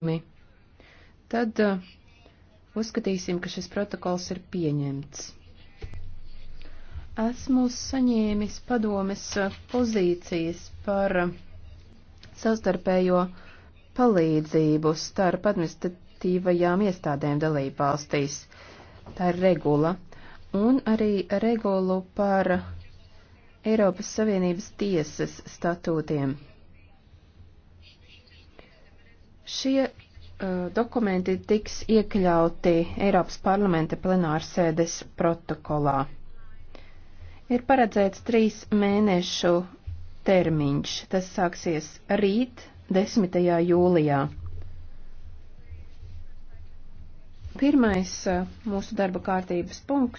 nozīmi, tad uh, uzskatīsim, ka šis protokols ir pieņemts. Esmu saņēmis padomes uh, pozīcijas par uh, savstarpējo palīdzību starp administratīvajām iestādēm dalībvalstīs. Tā ir regula. Un arī regulu par Eiropas Savienības tiesas statūtiem. Šie uh, dokumenti tiks iekļauti Eiropas parlamenta plenārsēdes protokolā. Ir paredzēts trīs mēnešu termiņš. Tas sāksies rīt, 10. jūlijā. Pirmais uh, mūsu darba kārtības punkts.